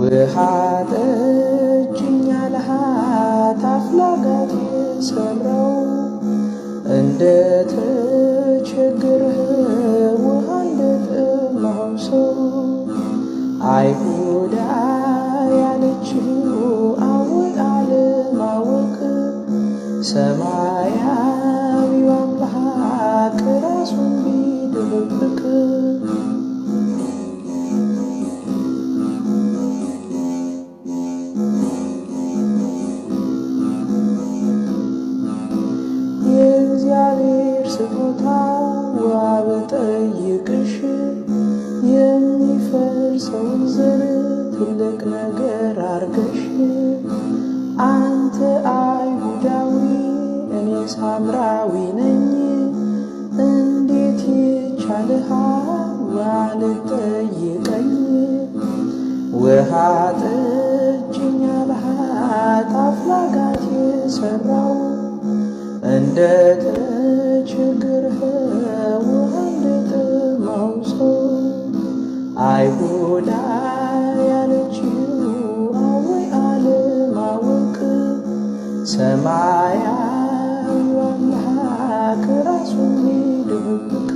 ውሃ ጠጭኝ አልሃት አፍላጋት ሰምረው እንደ ተቸገርህ ውሃ እንደጠማኸው ሰው አይሁዳ ያለችው አወቅ አለማወቅ ሰማያዊው አምላክ ራሱን የሰውን ዘር ትልቅ ነገር አርገሽ አንተ አይሁዳዊ እኔ ሳምራዊ ነኝ እንዴት ይቻልሃል ያልጠየቀኝ ውሃ ጠጭኛልሃት አፍላጋት የሰራው እንደ ተቸግርህ ውሃ እንደጠማው ሰው አይሁ ሆዳ ያለችው አወይ ዓለም አወቅ ሰማያ ዋላሃ ድብቅ